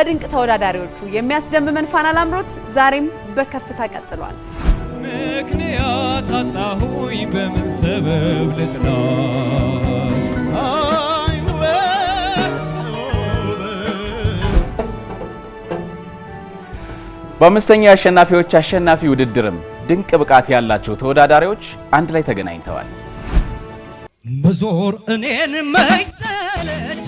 በድንቅ ተወዳዳሪዎቹ የሚያስደምመን ፋና ላምሮት ዛሬም በከፍታ ቀጥሏል። ምክንያት አጣሁኝ በምን ሰበብ ልጥላ በአምስተኛው የአሸናፊዎች አሸናፊ ውድድርም ድንቅ ብቃት ያላቸው ተወዳዳሪዎች አንድ ላይ ተገናኝተዋል። መዞር እኔን መይዘለች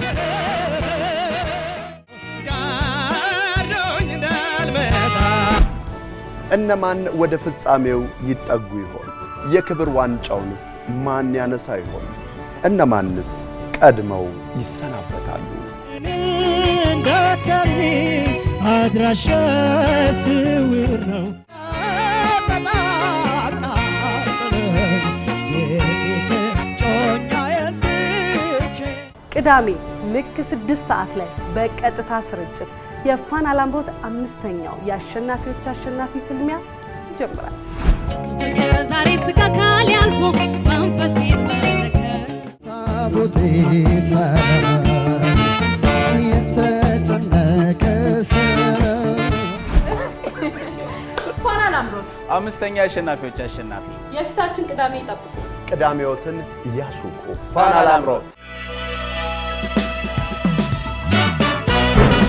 እነማን ወደ ፍጻሜው ይጠጉ ይሆን? የክብር ዋንጫውንስ ማን ያነሳ ይሆን? እነማንስ ቀድመው ይሰናበታሉ? እንዳታሚ አድራሻ ስውር ነው። ቅዳሜ ልክ ስድስት ሰዓት ላይ በቀጥታ ስርጭት የፋና ላምሮት አምስተኛው የአሸናፊዎች አሸናፊ ፍልሚያ ይጀምራል። አምስተኛ አሸናፊዎች አሸናፊ የፊታችን ቅዳሜ ይጠብቁ። ቅዳሜዎትን እያሱቁ ፋና ላምሮት